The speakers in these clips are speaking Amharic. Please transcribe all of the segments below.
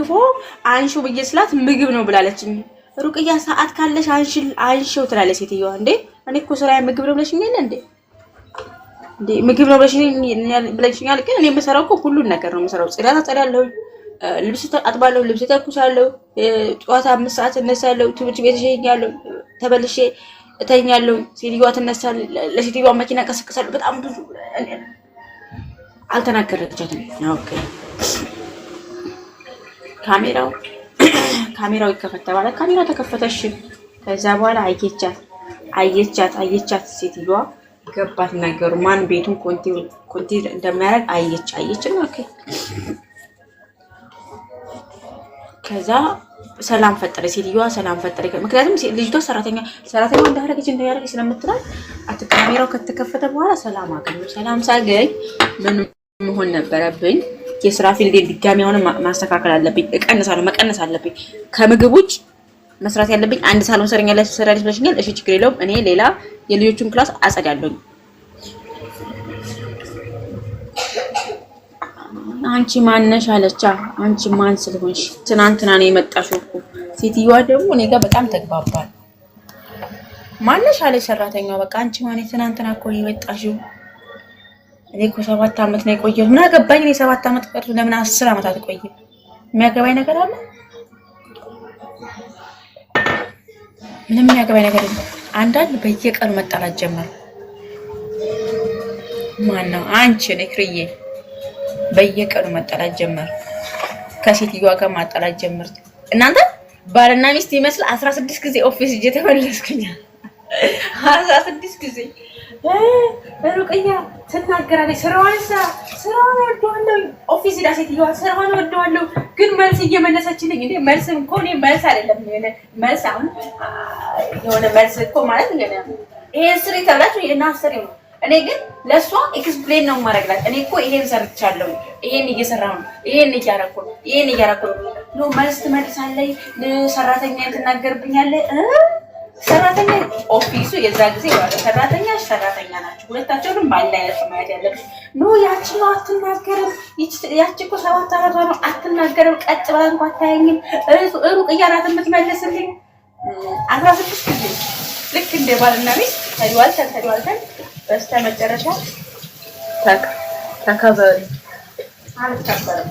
ክትፎ አንሹ ብዬ ስላት ምግብ ነው ብላለችኝ። ሩቅያ ሰዓት ካለሽ አንሽል አንሽው ትላለች ሴትዮዋ። እንዴ እኔ እኮ ስራዬ ምግብ ነው ብለሽኝ የለ እንዴ? እንዴ ምግብ ነው ብለሽኛል። ግን እኔ የምሰራው እኮ ሁሉን ነገር ነው የምሰራው። ጽዳት አጸዳለሁ፣ ልብስ አጥባለሁ፣ ልብስ ተኩሳለሁ፣ ጠዋት አምስት ሰዓት እነሳለሁ፣ ትምህርት ቤት እሸኛለሁ፣ ተበልሼ እተኛለሁ። ሴትዮዋ ትነሳለች፣ ለሴትዮዋ መኪና ቀሰቅሳለሁ። በጣም ብዙ አልተናገረቻትም። ኦኬ ካሜራው ካሜራው ይከፈት ተባለ። ካሜራ ተከፈተሽ። ከዛ በኋላ አየቻት አየቻት አየቻት ሴትዮዋ ገባት ነገሩ። ማን ቤቱን ኮንቲ እንደሚያደርግ አየች አየች ነው። ኦኬ ከዛ ሰላም ፈጠረ ሴትዮዋ ሰላም ፈጠረ። ምክንያቱም ልጅቷ ሰራተኛ ሰራተኛ እንዳደረገች እንዳያደረገች ስለምትላል አት ካሜራው ከተከፈተ በኋላ ሰላም አገኘ። ሰላም ሳገኝ ምን መሆን ነበረብኝ? የስራ ፊልድ ድጋሚ ሆነ ማስተካከል አለብኝ። እቀንሳለሁ፣ መቀነስ አለብኝ። ከምግብ ውጭ መስራት ያለብኝ አንድ ሳሎን ሰርኛ ላይ ሰራ ብለሽኛል። እሺ ችግር የለውም። እኔ ሌላ የልጆቹን ክላስ አጸዳለሁኝ። አንቺ ማነሽ አለቻ። አንቺ ማን ስለሆንሽ ትናንትና ነው የመጣሽው እኮ። ሴትዮዋ ደግሞ እኔ ጋር በጣም ተግባባል። ማነሽ አለች ሰራተኛዋ። በቃ አንቺ ማን ትናንትና እኮ ነው የመጣሽው እኔ እኮ ሰባት አመት ነው የቆየሁት። ምን አገባኝ እኔ ሰባት አመት ቀርቶ ለምን አስር አመት አትቆይም? የሚያገባኝ ነገር አለ? ምንም የሚያገባኝ ነገር የለም። አንዳንድ በየቀኑ መጣላት ጀመር። ማን ነው አንቺ ክርዬ፣ በየቀኑ መጣላት ጀመር። ከሴትዮዋ ጋር ማጣላት ጀመር። እናንተ ባልና ሚስት ይመስል አስራ ስድስት ጊዜ ኦፊስ እየተመለስኩኛል አስራ ስድስት ጊዜ ሩቅያ ትናገራለች። ስራዋን ስራ ስራዋን ወደዋለሁ፣ ኦፊስ ሄዳ ሴትዮዋ ስራዋን ወደዋለሁ፣ ግን መልስ እየመለሰችልኝ እንደ መልስም እኮ እኔ መልስ አይደለም የሆነ መልስ አሁን የሆነ መልስ እኮ ማለት የሆነ ይሄን ስሪ ተብላችሁ ይሄን አስሪ ነው። እኔ ግን ለእሷ ኤክስፕሌን ነው የማደርግላት። እኔ እኮ ይሄን ሰርቻለሁ፣ ይሄን እየሰራ ነው፣ ይሄን እያረኩ ነው፣ ይሄን እያረኩ ነው። መልስ ትመልሳለች፣ ሰራተኛ ትናገርብኛለች ሰራተኛ ኦፊሱ የዛ ጊዜ ሰራተኛ ሰራተኛ ናቸው። ሁለታቸውንም ማለያየት ማየት ያለብሽ ኖ ያቺ ነው አትናገርም፣ ያቺ እኮ ሰባት አራቷ ነው አትናገርም፣ ቀጥ ብላ እንኳ አታየኝም፣ ሩቅ እያላት የምትመለስልኝ አስራ ስድስት ጊዜ ልክ እንደ ባልና ሚስት ተደዋልተን ተደዋልተን በስተ መጨረሻ ተከበሩ አልከበርም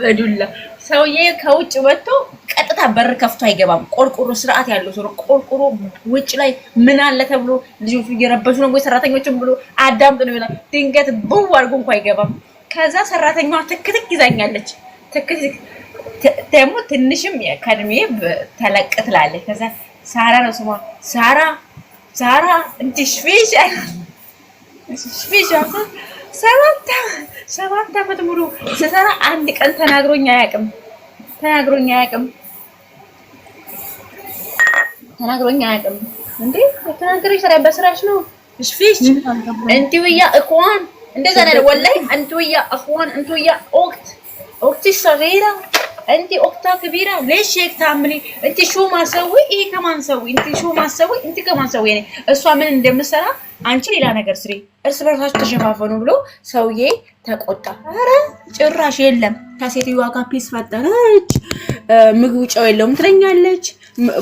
በዱላ ሰውዬ ከውጭ ወጥቶ ቀጥታ በር ከፍቶ አይገባም። ቆርቆሮ ስርዓት ያለው ሰው ቆርቆሮ ውጭ ላይ ምን አለ ተብሎ ልጆቹ እየረበሱ ነው ወይ ሰራተኞችን ብሎ አዳምጥ ነው ይላል። ድንገት ብው አድርጎ እንኳ አይገባም። ከዛ ሰራተኛዋ ትክትክ ይዛኛለች። ትክትክ ደግሞ ትንሽም ከእድሜ ተለቅ ትላለች። ከዛ ሳራ ነው ስሟ። ሳራ ሳራ እንዲሽፌሽ ሽፌሽ ሰባት ዓመት ሙሉ ስሰራ አንድ ቀን ተናግሮኝ አያውቅም። ተናግሮኝ አያውቅም። ተናግሮኝ አያውቅም። እንዴ ተናገረች ታዲያ በስራሽ ነው እሽፊሽ እንትውያ እኳን እንደዛ ነው ወላሂ እንትውያ እኳን እንትውያ ወቅት ወቅት ሰገራ እንቲ ኦክታ ክቢራ ለሽ ታምኒ እንት ሹ ማሰዊ ይሄ ከማን ሰዊ እንት ሹ ማሰዊ እንት ከማን ሰዊ እኔ እሷ ምን እንደምሰራ አንቺ ሌላ ነገር ስሪ፣ እርስ በርሳችሁ ተሸፋፈኑ ብሎ ሰውዬ ተቆጣ። አረ ጭራሽ የለም ከሴትዮዋ ጋር ፒስ ፈጠረች። ምግቡ ጨው የለውም ትለኛለች።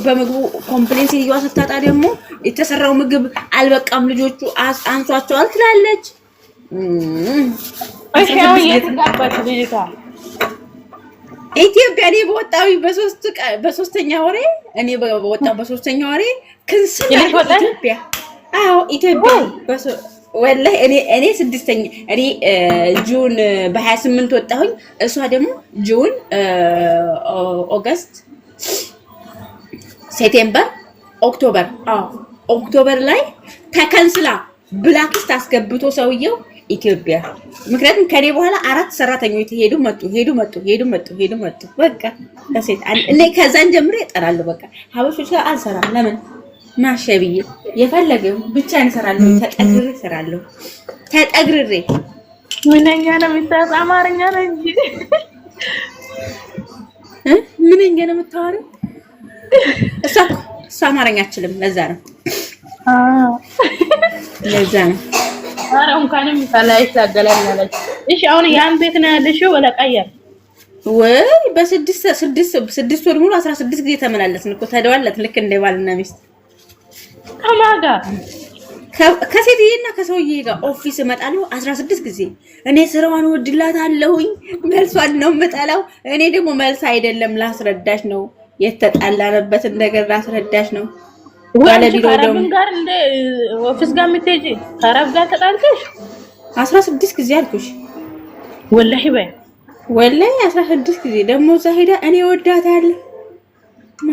በምግቡ ኮምፕሌን ሴትዮዋ ስታጣ ደግሞ የተሰራው ምግብ አልበቃም ልጆቹ አንሷቸዋል ትላለች። እሺ ያው ኢትዮጵያ እኔ በወጣዊ በሶስተኛ ወሬ እኔ በወጣ በሶስተኛ ወሬ ክንስል ኢትዮጵያ። አዎ ኢትዮጵያ ወላሂ እኔ እኔ ስድስተኛ እኔ ጁን በሀያ ስምንት ወጣሁኝ። እሷ ደግሞ ጁን፣ ኦገስት፣ ሴቴምበር ኦክቶበር አዎ ኦክቶበር ላይ ተከንስላ ብላክስት አስገብቶ ሰውየው ኢትዮጵያ። ምክንያቱም ከኔ በኋላ አራት ሰራተኞች ሄዱ መጡ፣ ሄዱ መጡ፣ ሄዱ መጡ፣ ሄዱ መጡ። በቃ ከሴት እኔ ከዛን ጀምሬ እጠላለሁ። በቃ ሀበሾች ጋር አልሰራም። ለምን ማሸብዬ የፈለገው ብቻ እንሰራለሁ። ተጠግሬ እሰራለሁ። ተጠግሬ ምንኛ ነው የሚሰራ አማርኛ ነው እንጂ ምንኛ ነው የምታወሪው? እሷ እሷ አማርኛ አችልም። ለዛ ነው ለዛ ነው ኧረ እንኳንም ከላይሽ ላገላላለች። እሺ አሁን ያን ቤት ነው ያለሽው? ወለቀየር ወይ በስድስት ስድስት ስድስት ወር ሙሉ አስራ ስድስት ጊዜ ተመላለስን እኮ ተደዋለት። ልክ እንደ ባልና ሚስት ከማን ከሴትዬና ከሰውዬ ጋር ኦፊስ እመጣለሁ አስራ ስድስት ጊዜ። እኔ ስራዋን ወድላታለሁኝ፣ መልሷን ነው የምጠላው። እኔ ደግሞ መልስ አይደለም ላስረዳሽ ነው የተጣላንበትን ነገር ላስረዳሽ ነው ጋር እንደ ኦፊስ ጋር አስራ ስድስት ጊዜ አልኩሽ። ወላሂ በይ ወላሂ አስራ ስድስት ጊዜ ደግሞ እዛ ሄዳ እኔ ወዳታለሁ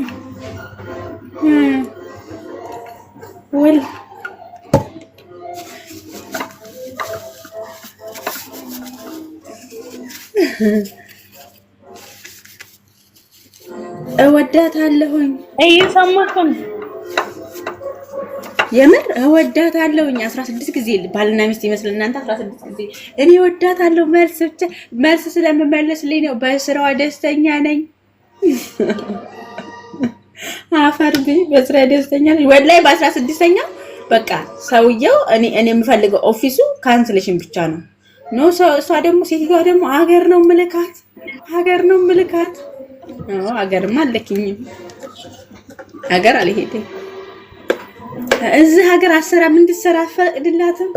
እወዳታለሁኝ እየሰማሁኝ የምር እወዳታለሁ። እኛ 16 ጊዜ ባልና ሚስት ይመስል እናንተ 16 ጊዜ እኔ እወዳታለሁ። መልስ ብቻ መልስ ስለምመለስልኝ ነው። በስራዋ ደስተኛ ነኝ። አፈር ቢ በስራ ደስተኛ ነኝ። ወላይ በ16ኛ በቃ ሰውየው እኔ እኔ የምፈልገው ኦፊሱ ካንስሌሽን ብቻ ነው። ኖ እሷ ደግሞ ሴትዮዋ ደግሞ ሀገር ነው ምልካት፣ ሀገር ነው ምልካት። አዎ ሀገርማ አለክኝም ሀገር አልሄድም እዚህ ሀገር አሰራም እንድትሰራ አልፈቅድላትም።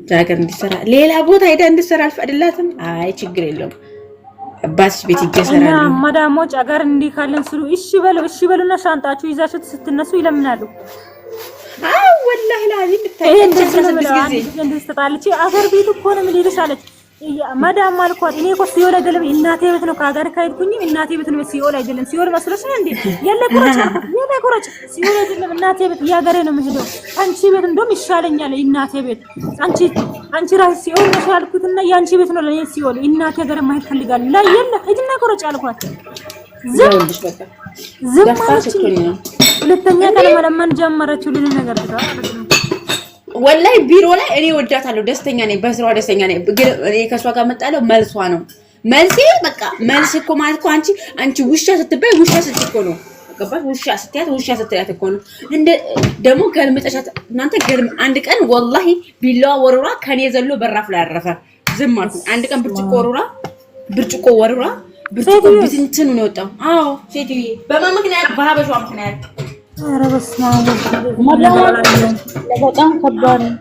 እዚህ ሀገር እንድትሰራ ሌላ ቦታ ሄዳ እንድትሰራ አልፈቅድላትም። አይ ችግር የለውም አባትሽ ቤት ይገሰራል እና ማዳሞች አገር እንዲህ ካለን ስሉ እሺ በሉ እሺ በሉና ሻንጣችሁ ይዛችሁት ስትነሱ ይለምናሉ። አዎ ወላሂ ላዚ ብታይ እንደዚህ ጊዜ እንደዚህ ተጣልቼ አገር ቤት እኮ ነው የምልሽ አለች። መዳም አልኳት። እኔ እኮ ሲኦል አይደለም እናቴ ቤት ነው። ከሀገር ከሄድኩኝም እናቴ ቤት ነው። ሲኦል አይደለም። ሲኦል መስሎሽ ነው እንዴ? የለ ኮረጭ አልኳት። የለ ኮረጭ፣ ሲኦል አይደለም እናቴ ቤት፣ የሀገሬ ነው የምሄደው። አንቺ ቤት እንደውም ይሻለኛል እናቴ ቤት። አንቺ አንቺ ራስሽ ሲኦል ነሽ እና የአንቺ ቤት ነው ለኔ ሲኦል። እናቴ ሀገር ማየት ፈልጋለሁ። ላይ የለ ሂጂና ኮረጭ አልኳት። ዝም ዝም አለችኝ። ሁለተኛ ቀን መለመን ጀመረችው። ልል ነገር ትተዋል ወላይ ቢሮ ላይ እኔ ወዳታለሁ፣ ደስተኛ ነኝ፣ በስራዋ ደስተኛ ነኝ። እኔ ከእሷ ጋር መጣለው መልሷ ነው መልሴ። በቃ መልስ እኮ ማለት እኮ አንቺ አንቺ ውሻ ስትባይ ውሻ ስትል እኮ ነው ገባሽ? ውሻ ስትያት ውሻ ስትያት እኮ ነው። እንደ ደግሞ ገልምጠሻት እናንተ ገልም አንድ ቀን ወላሂ ቢላዋ ወርራ ከኔ ዘሎ በራፍ ላይ አረፈ። ዝም አልኩ። አንድ ቀን ብርጭቆ ወርራ ብርጭቆ ወርራ ብርጭቆ ብትንትን ነው የወጣው። አዎ ሴትዬ፣ በማን ምክንያት? በሀበሿ ምክንያት ኧረ በስመ አብ በጣም ከባድ ነው።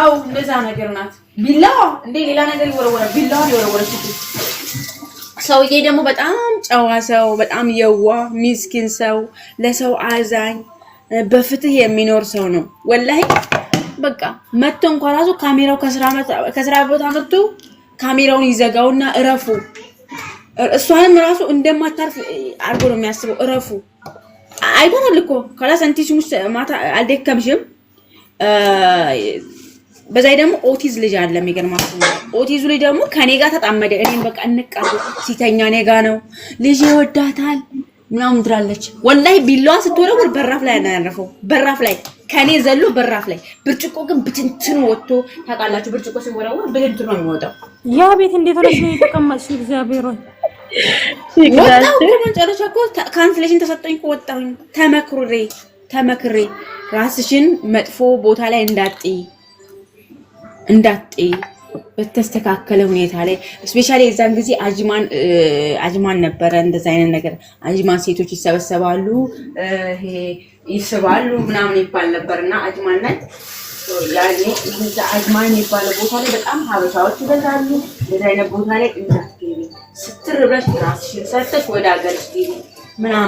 አዎ እንደዛ ነገር ናት። ቢላዋ እንደ ሌላ ነገር ይወረወራል። ቢላዋን ይወረወረች። ሰውዬ ደግሞ በጣም ጨዋ ሰው፣ በጣም የዋ ሚስኪን ሰው፣ ለሰው አዛኝ፣ በፍትህ የሚኖር ሰው ነው። ወላሂ በቃ መጥቶ እንኳ ራሱ ካሜራው ከስራ ቦታ መጥቶ ካሜራውን ይዘጋውና እረፉ፣ እሷንም ራሱ እንደማታርፍ አድርጎ ነው የሚያስበው። እረፉ አይቶታል እኮ ከላስ አንቲሽም ውስጥ ማታ አልደከምሽም። በዛይ ደግሞ ኦቲዝ ልጅ አለ የሚገርማችሁ ኦቲዙ ልጅ ደግሞ ከኔ ጋር ተጣመደ። እኔም በቃ እንቃሉ ሲተኛ እኔ ጋ ነው ልጅ ይወዳታል ምናምን ትላለች። ወላሂ ቢላዋ ስትወረውር በራፍ ላይ ያናረፈው በራፍ ላይ ከኔ ዘሎ በራፍ ላይ ብርጭቆ ግን ብትንትን ወጥቶ ታውቃላችሁ፣ ብርጭቆ ሲወረውር ብትንትን የሚወጣው። ያ ቤት እንዴት ሆነሽ ነው የተቀመጥሽ? እግዚአብሔር ሆይ መጨረሻ እኮ ካንስሌሽን ተሰጠኝ እኮ ወጣሁኝ። ተመክሬ ተመክሬ ራስሽን መጥፎ ቦታ ላይ እንዳጥይ እንዳጥይ በተስተካከለ ሁኔታ ላይ እስፔሻሊ የዛን ጊዜ አጅማን አጅማን ነበረ። እንደዛ አይነት ነገር አጅማን ሴቶች ይሰበሰባሉ፣ ይስባሉ ምናምን ይባል ነበር እና አጅማን ናት ያኔ አጅማን የሚባለው ቦታ ላይ በጣም ሀበሻዎች ይበዛሉ። እንደዛ አይነት ቦታ ላይ ስትር ብለሽ ራስሽን ሰተሽ ወደ ሀገርሽ ምናምን